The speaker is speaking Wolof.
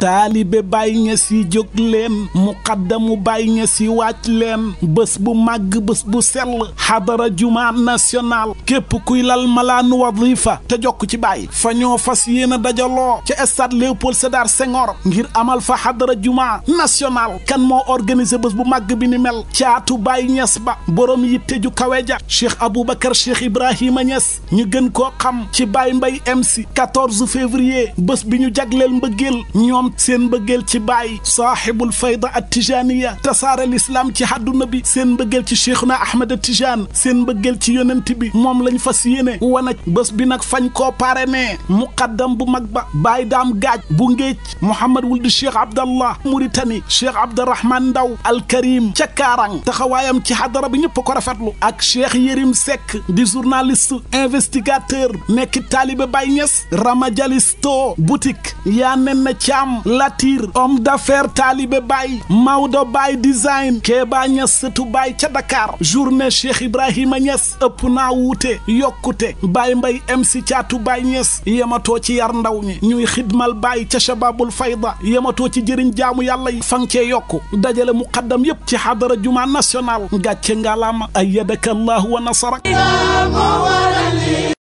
taalibe bàyyi Ñas yi jóg leen muqaddamu bàyyi Ñas yi wàcc leen bés bu màgg bés bu sell xadara juma national képp kuy lal malaanu wadifa te jokk ci Baay fa ñoo fas yéen a dajaloo ca stade Léopold Sédar Senghor ngir amal fa xadara juma national kan moo organiser bés bu màgg bi ni mel caatu Baay Ñas ba borom yitte ju kawe ja Cheikh Aboubacar Cheikh Ibrahima Ñas ñu gën koo xam ci Baay Mbay MC 14 février bés bi ñu jagleel mbëggeel ñoom seen mbëggeel ci baay saaxibul fayda at tijaaniya tasaare lislaam ci àdduna bi seen bëggel ci cheikhuna ahmed tijaan seen mbëggeel ci yonent bi moom lañ fas wa wanaj bës bi nag fañ koo pare ne muqaddam bu mag ba baay daam gaaj bu ngéej mouhamad wul di cheikh abdallah muritani cheikh abdurahman ndaw alkarim ca kaarang taxawaayam ci xadara bi ñëpp ko lu ak cheikh yérim sek di journaliste investigateur nekk taalibe bay ñes ramajalisto boutique yaa nen Ngom Latir homme d'affaires taalibe Baye Maodo Baye design Kéba Niass sëtu Baye ca Dakar journée Cheikh Ibrahima Niass ëpp naa wuute yokkute Baye Mbaye MC caatu Baye Niass yematoo ci yar ndaw ñi ñuy xidmal Baye ca Shababul Fayda yematoo ci jëriñ jaamu yàlla yi fankee yokku dajale muqaddam yépp ci xadara juma national gàcce ngalaama ayyadaka Allahu wa nasarak